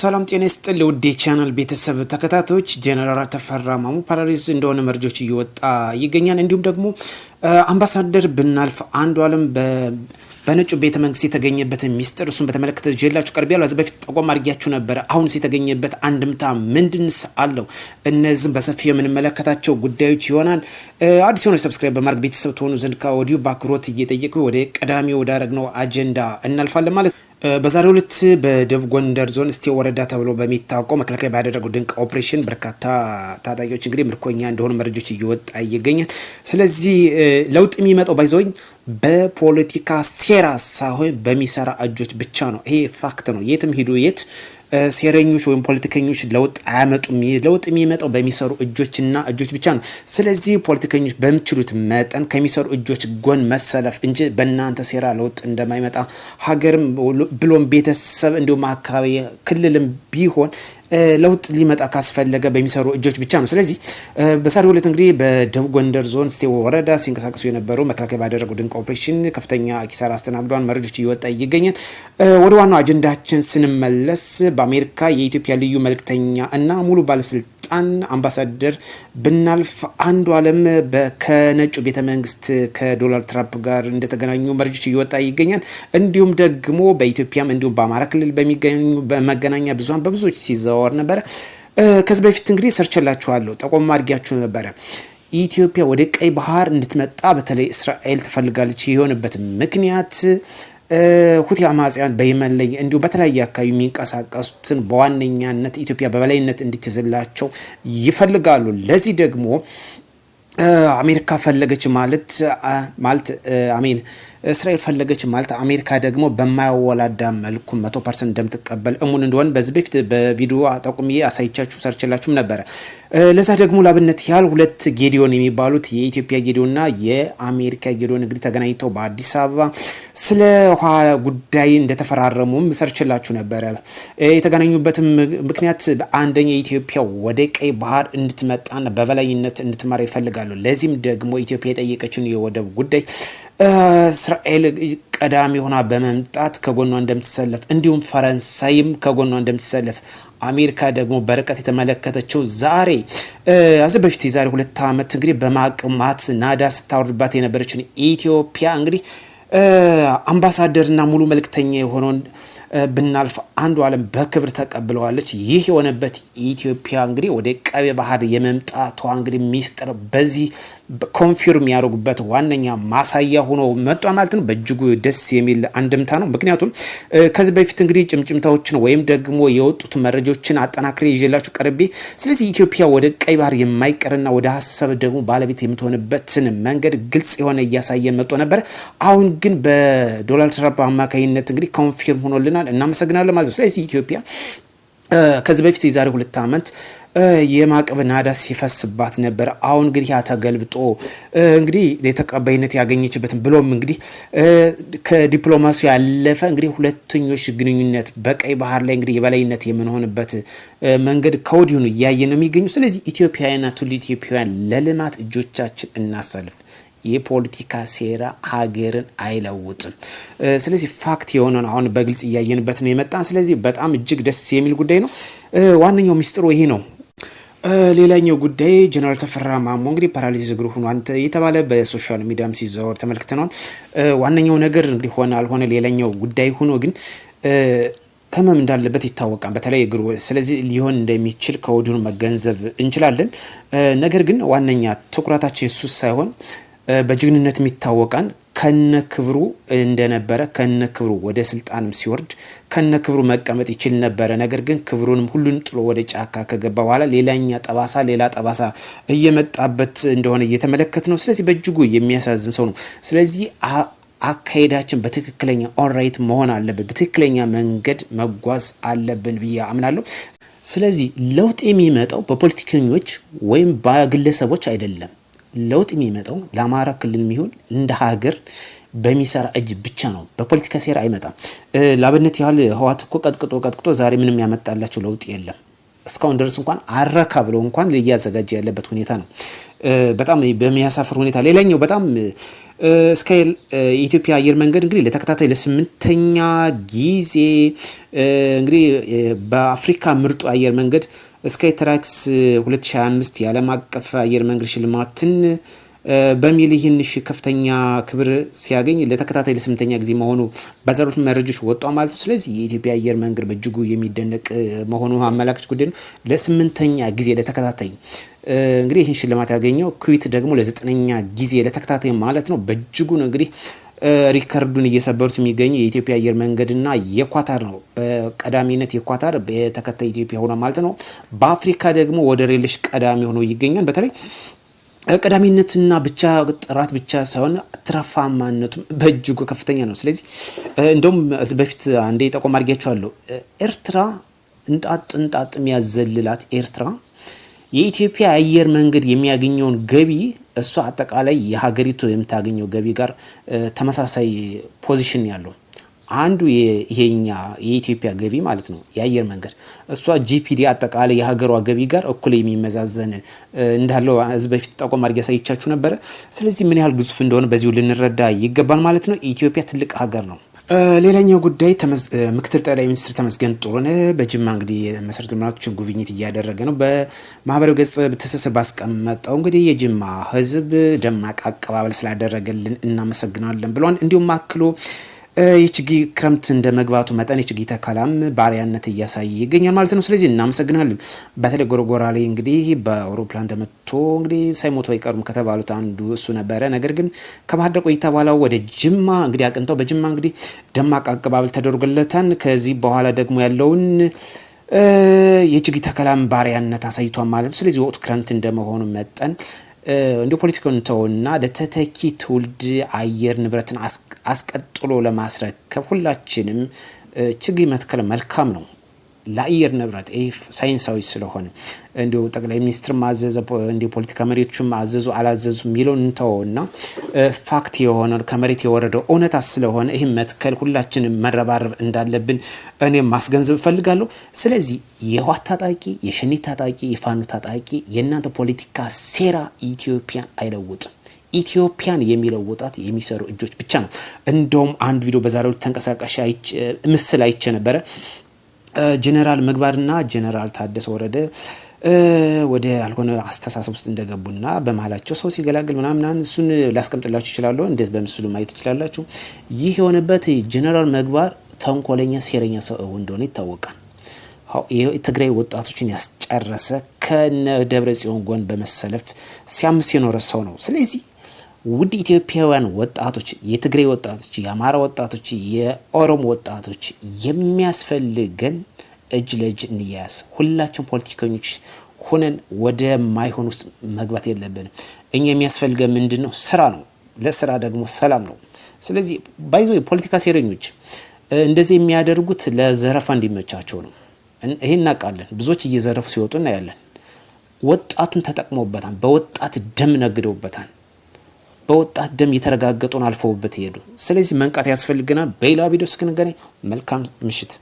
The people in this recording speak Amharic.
ሰላም ጤና ይስጥል ውዴ ቻናል ቤተሰብ ተከታታዮች፣ ጀነራል ተፈራ ማሞ ፓራሊዝ እንደሆነ መረጃዎች እየወጣ ይገኛል። እንዲሁም ደግሞ አምባሳደር ብናልፍ አለም በነጩ ቤተ መንግስት የተገኘበት ሚስጥር እሱን በተመለከተ ጀላችሁ ቀርቢያለሁ። ከዚህ በፊት ጠቆም አድርጊያችሁ ነበረ። አሁንስ የተገኘበት አንድምታ ምንድንስ አለው? እነዚህም በሰፊ የምንመለከታቸው ጉዳዮች ይሆናል። አዲስ የሆነ ሰብስክራይብ በማድረግ ቤተሰብ ትሆኑ ዘንድ ከወዲሁ በአክብሮት እየጠየቁ ወደ ቀዳሚ ወዳረግነው አጀንዳ እናልፋለን ማለት ነው። በዛሬው ዕለት በደቡብ ጎንደር ዞን እስቴ ወረዳ ተብሎ በሚታወቀው መከላከያ ባደረገው ድንቅ ኦፕሬሽን በርካታ ታጣቂዎች እንግዲህ ምርኮኛ እንደሆኑ መረጃዎች እየወጣ ይገኛል። ስለዚህ ለውጥ የሚመጣው ባይዘወኝ በፖለቲካ ሴራ ሳይሆን በሚሰራ እጆች ብቻ ነው። ይሄ ፋክት ነው። የትም ሂዱ የት ሴረኞች ወይም ፖለቲከኞች ለውጥ አያመጡም። ለውጥ የሚመጣው በሚሰሩ እጆችና እጆች ብቻ ነው። ስለዚህ ፖለቲከኞች በሚችሉት መጠን ከሚሰሩ እጆች ጎን መሰለፍ እንጂ በእናንተ ሴራ ለውጥ እንደማይመጣ ሀገርም ብሎም ቤተሰብ እንዲሁም አካባቢ ክልልም ቢሆን ለውጥ ሊመጣ ካስፈለገ በሚሰሩ እጆች ብቻ ነው። ስለዚህ በዛሬው ዕለት እንግዲህ በደቡብ ጎንደር ዞን ስቴ ወረዳ ሲንቀሳቀሱ የነበረው መከላከያ ባደረገው ድንቅ ኦፕሬሽን ከፍተኛ ኪሳራ አስተናግዷን መረጆች እየወጣ ይገኛል። ወደ ዋናው አጀንዳችን ስንመለስ በአሜሪካ የኢትዮጵያ ልዩ መልእክተኛ እና ሙሉ ባለስልጣ ሕፃን አምባሳደር ብናልፍ አንዱ አለም ከነጩ ቤተ መንግስት ከዶናልድ ትራምፕ ጋር እንደተገናኙ መረጃዎች እየወጣ ይገኛል። እንዲሁም ደግሞ በኢትዮጵያም እንዲሁም በአማራ ክልል በሚገኙ በመገናኛ ብዙኃን በብዙዎች ሲዘዋወር ነበረ። ከዚህ በፊት እንግዲህ ሰርችላችኋለሁ፣ ጠቆም አድርጊያችሁ ነበረ። ኢትዮጵያ ወደ ቀይ ባህር እንድትመጣ በተለይ እስራኤል ትፈልጋለች። የሆነበት ምክንያት ሁቲ አማጽያን በየመን ላይ እንዲሁም በተለያየ አካባቢ የሚንቀሳቀሱትን በዋነኛነት ኢትዮጵያ በበላይነት እንዲትዝላቸው ይፈልጋሉ። ለዚህ ደግሞ አሜሪካ ፈለገች ማለት ማለት አሜን እስራኤል ፈለገች ማለት አሜሪካ ደግሞ በማያወላዳ መልኩ መቶ ፐርሰንት እንደምትቀበል እሙን እንደሆን በዚህ በፊት በቪዲዮ ጠቁሜ አሳይቻችሁ ሰርችላችሁም ነበረ። ለዛ ደግሞ ላብነት ያህል ሁለት ጌዲዮን የሚባሉት የኢትዮጵያ ጌዲዮንና የአሜሪካ ጌዲዮን እንግዲህ ተገናኝተው በአዲስ አበባ ስለ ውሃ ጉዳይ እንደተፈራረሙም ሰርችላችሁ ነበረ። የተገናኙበትም ምክንያት አንደኛ ኢትዮጵያ ወደ ቀይ ባህር እንድትመጣና በበላይነት እንድትመራ ይፈልጋሉ። ለዚህም ደግሞ ኢትዮጵያ የጠየቀችን የወደብ ጉዳይ እስራኤል ቀዳሚ ሆና በመምጣት ከጎኗ እንደምትሰለፍ እንዲሁም ፈረንሳይም ከጎኗ እንደምትሰለፍ አሜሪካ ደግሞ በርቀት የተመለከተችው ዛሬ አዘ በፊት የዛሬ ሁለት ዓመት እንግዲህ በማቅማት ናዳ ስታወርድባት የነበረችን ኢትዮጵያ እንግዲህ አምባሳደርና ሙሉ መልክተኛ የሆነውን ብናልፍ አንዱ ዓለም በክብር ተቀብለዋለች። ይህ የሆነበት ኢትዮጵያ እንግዲህ ወደ ቀይ ባህር የመምጣቷ እንግዲህ ሚስጥር በዚህ ኮንፊርም ያደርጉበት ዋነኛ ማሳያ ሆኖ መጧ ማለት ነው። በእጅጉ ደስ የሚል አንድምታ ነው። ምክንያቱም ከዚህ በፊት እንግዲህ ጭምጭምታዎችን ወይም ደግሞ የወጡት መረጃዎችን አጠናክሬ ይዤላችሁ ቀርቤ፣ ስለዚህ ኢትዮጵያ ወደ ቀይ ባህር የማይቀርና ወደ ሀሳብ ደግሞ ባለቤት የምትሆንበትን መንገድ ግልጽ የሆነ እያሳየን መጦ ነበር። አሁን ግን በዶናልድ ትራምፕ አማካኝነት እንግዲህ ኮንፊርም ሆኖልናል። እናመሰግናለን ማለት ነው። ስለዚህ ኢትዮጵያ ከዚህ በፊት የዛሬ ሁለት ዓመት የማቅብ ናዳ ሲፈስባት ነበር። አሁን እንግዲህ ያተገልብጦ እንግዲህ የተቀባይነት ያገኘችበትን ብሎም እንግዲህ ከዲፕሎማሲ ያለፈ እንግዲህ ሁለተኞች ግንኙነት በቀይ ባህር ላይ እንግዲህ የበላይነት የምንሆንበት መንገድ ከወዲሁኑ እያየ ነው የሚገኙ። ስለዚህ ኢትዮጵያውያንና ትውልደ ኢትዮጵያውያን ለልማት እጆቻችን እናሳልፍ። የፖለቲካ ሴራ ሀገርን አይለውጥም። ስለዚህ ፋክት የሆነን አሁን በግልጽ እያየንበት ነው የመጣን። ስለዚህ በጣም እጅግ ደስ የሚል ጉዳይ ነው። ዋነኛው ሚስጥሩ ይሄ ነው። ሌላኛው ጉዳይ ጀነራል ተፈራ ማሞ እንግዲህ ፓራሊሲስ እግሩ አንተ የተባለ በሶሻል ሚዲያም ሲዘወር ተመልክተነዋል። ዋነኛው ነገር እንግዲህ ሆነ አልሆነ ሌላኛው ጉዳይ ሆኖ ግን ህመም እንዳለበት ይታወቃል። በተለይ እግሩ ስለዚህ ሊሆን እንደሚችል ከወዲሁ መገንዘብ እንችላለን። ነገር ግን ዋነኛ ትኩረታችን እሱ ሳይሆን በጅግንነት የሚታወቃን ከነ ክብሩ እንደነበረ ከነ ክብሩ ወደ ስልጣንም ሲወርድ ከነ ክብሩ መቀመጥ ይችል ነበረ። ነገር ግን ክብሩንም ሁሉን ጥሎ ወደ ጫካ ከገባ በኋላ ሌላኛ ጠባሳ ሌላ ጠባሳ እየመጣበት እንደሆነ እየተመለከት ነው። ስለዚህ በእጅጉ የሚያሳዝን ሰው ነው። ስለዚህ አካሄዳችን በትክክለኛ ኦንራይት መሆን አለብን። በትክክለኛ መንገድ መጓዝ አለብን ብዬ አምናለሁ። ስለዚህ ለውጥ የሚመጣው በፖለቲከኞች ወይም በግለሰቦች አይደለም። ለውጥ የሚመጣው ለአማራ ክልል የሚሆን እንደ ሀገር በሚሰራ እጅ ብቻ ነው። በፖለቲካ ሴራ አይመጣም። ላብነት ያህል ህዋት እኮ ቀጥቅጦ ቀጥቅጦ ዛሬ ምንም ያመጣላቸው ለውጥ የለም። እስካሁን ድረስ እንኳን አረካ ብለው እንኳን እያዘጋጀ ያለበት ሁኔታ ነው። በጣም በሚያሳፍር ሁኔታ ሌላኛው በጣም እስከ የኢትዮጵያ አየር መንገድ እንግዲህ ለተከታታይ ለስምንተኛ ጊዜ እንግዲህ በአፍሪካ ምርጡ አየር መንገድ እስከ ትራክስ 2025 የዓለም አቀፍ አየር መንገድ ሽልማትን በሚል ይህንሽ ከፍተኛ ክብር ሲያገኝ ለተከታታይ ለስምንተኛ ጊዜ መሆኑ ባዘሩት መረጃዎች ወጧ ማለት ነው። ስለዚህ የኢትዮጵያ አየር መንገድ በእጅጉ የሚደነቅ መሆኑ አመላካች ጉዳይ ነው። ለስምንተኛ ጊዜ ለተከታታይ እንግዲህ ይህን ሽልማት ያገኘው ኩዊት ደግሞ ለዘጠነኛ ጊዜ ለተከታታይ ማለት ነው። በእጅጉ ነው እንግዲህ ሪከርዱን እየሰበሩት የሚገኙ የኢትዮጵያ አየር መንገድና የኳታር ነው። በቀዳሚነት የኳታር በተከታይ ኢትዮጵያ ሆነ ማለት ነው። በአፍሪካ ደግሞ ወደ ሌሎች ቀዳሚ ሆኖ ይገኛል። በተለይ ቀዳሚነትና ብቻ ጥራት ብቻ ሳይሆን ትረፋማነቱም በእጅጉ ከፍተኛ ነው። ስለዚህ እንደውም በፊት አንዴ ጠቆም አድርጌያቸዋለሁ። ኤርትራ እንጣጥ እንጣጥ የሚያዘልላት ኤርትራ የኢትዮጵያ አየር መንገድ የሚያገኘውን ገቢ እሷ አጠቃላይ የሀገሪቱ የምታገኘው ገቢ ጋር ተመሳሳይ ፖዚሽን ያለው አንዱ ይሄኛ የኢትዮጵያ ገቢ ማለት ነው የአየር መንገድ እሷ ጂፒዲ አጠቃላይ የሀገሯ ገቢ ጋር እኩል የሚመዛዘን እንዳለው ህዝብ በፊት ጠቆም አድርጌ ያሳይቻችሁ ነበረ። ስለዚህ ምን ያህል ግዙፍ እንደሆነ በዚሁ ልንረዳ ይገባል ማለት ነው። ኢትዮጵያ ትልቅ ሀገር ነው። ሌላኛው ጉዳይ ምክትል ጠቅላይ ሚኒስትር ተመስገን ጥሩነህ በጅማ እንግዲህ መሰረተ ልማቶችን ጉብኝት እያደረገ ነው። በማህበራዊ ገጽ ትስስር ባስቀመጠው እንግዲህ የጅማ ህዝብ ደማቅ አቀባበል ስላደረገልን እናመሰግናለን ብሏል። እንዲሁም አክሎ የችግኝ ክረምት እንደ መግባቱ መጠን የችግኝ ተከላም ባሪያነት እያሳየ ይገኛል ማለት ነው። ስለዚህ እናመሰግናለን። በተለይ ጎርጎራ ላይ እንግዲህ በአውሮፕላን ተመቶ እንግዲህ ሳይሞቱ አይቀሩም ከተባሉት አንዱ እሱ ነበረ። ነገር ግን ከባህር ዳር ቆይታ በኋላ ወደ ጅማ እንግዲህ አቅንተው በጅማ እንግዲህ ደማቅ አቀባበል ተደርጎለታል። ከዚህ በኋላ ደግሞ ያለውን የችግኝ ተከላም ባሪያነት አሳይቷል ማለት ነው። ስለዚህ ወቅቱ ክረምት እንደመሆኑ መጠን እንዲ ፖለቲካውን ተውና ለተተኪ ትውልድ አየር ንብረትን አስቀጥሎ ለማስረከብ ሁላችንም ችግኝ መትከል መልካም ነው። ለአየር ንብረት ይህ ሳይንሳዊ ስለሆነ እንዲሁ ጠቅላይ ሚኒስትር ማዘዘ እንዲ ፖለቲካ መሪዎቹም አዘዙ አላዘዙ የሚለው እና ፋክት የሆነ ከመሬት የወረደው እውነታ ስለሆነ ይህ መትከል ሁላችን መረባረብ እንዳለብን እኔ ማስገንዘብ እፈልጋለሁ። ስለዚህ የህዋት ታጣቂ፣ የሸኔ ታጣቂ፣ የፋኖ ታጣቂ የእናንተ ፖለቲካ ሴራ ኢትዮጵያን አይለውጥም። ኢትዮጵያን ወጣት የሚሰሩ እጆች ብቻ ነው። እንደውም አንድ ቪዲዮ በዛሬው ተንቀሳቃሽ ምስል አይቼ ነበረ። ጀነራል ምግባርና ጀነራል ታደሰ ወረደ ወደ ያልሆነ አስተሳሰብ ውስጥ እንደገቡና በመሀላቸው ሰው ሲገላግል ምናምናን እሱን ላስቀምጥላችሁ ይችላለሁ። እንደዚህ በምስሉ ማየት ይችላላችሁ። ይህ የሆነበት ጀነራል ምግባር ተንኮለኛ፣ ሴረኛ ሰው እንደሆነ ይታወቃል። ትግራይ ወጣቶችን ያስጨረሰ ከነ ደብረ ጽዮን ጎን በመሰለፍ ሲያምስ የኖረ ሰው ነው። ስለዚህ ውድ ኢትዮጵያውያን ወጣቶች፣ የትግሬ ወጣቶች፣ የአማራ ወጣቶች፣ የኦሮሞ ወጣቶች የሚያስፈልገን እጅ ለእጅ እንያያዝ። ሁላችን ፖለቲከኞች ሆነን ወደ ማይሆን ውስጥ መግባት የለብንም። እኛ የሚያስፈልገን ምንድን ነው? ስራ ነው። ለስራ ደግሞ ሰላም ነው። ስለዚህ ባይዞ የፖለቲካ ሴረኞች እንደዚህ የሚያደርጉት ለዘረፋ እንዲመቻቸው ነው። ይህ እናውቃለን። ብዙዎች እየዘረፉ ሲወጡ እናያለን። ወጣቱን ተጠቅመውበታል። በወጣት ደም ነግደውበታል። በወጣት ደም የተረጋገጡን አልፈውበት ሄዱ። ስለዚህ መንቃት ያስፈልገናል። በሌላ ቪዲዮ እስክንገናኝ መልካም ምሽት።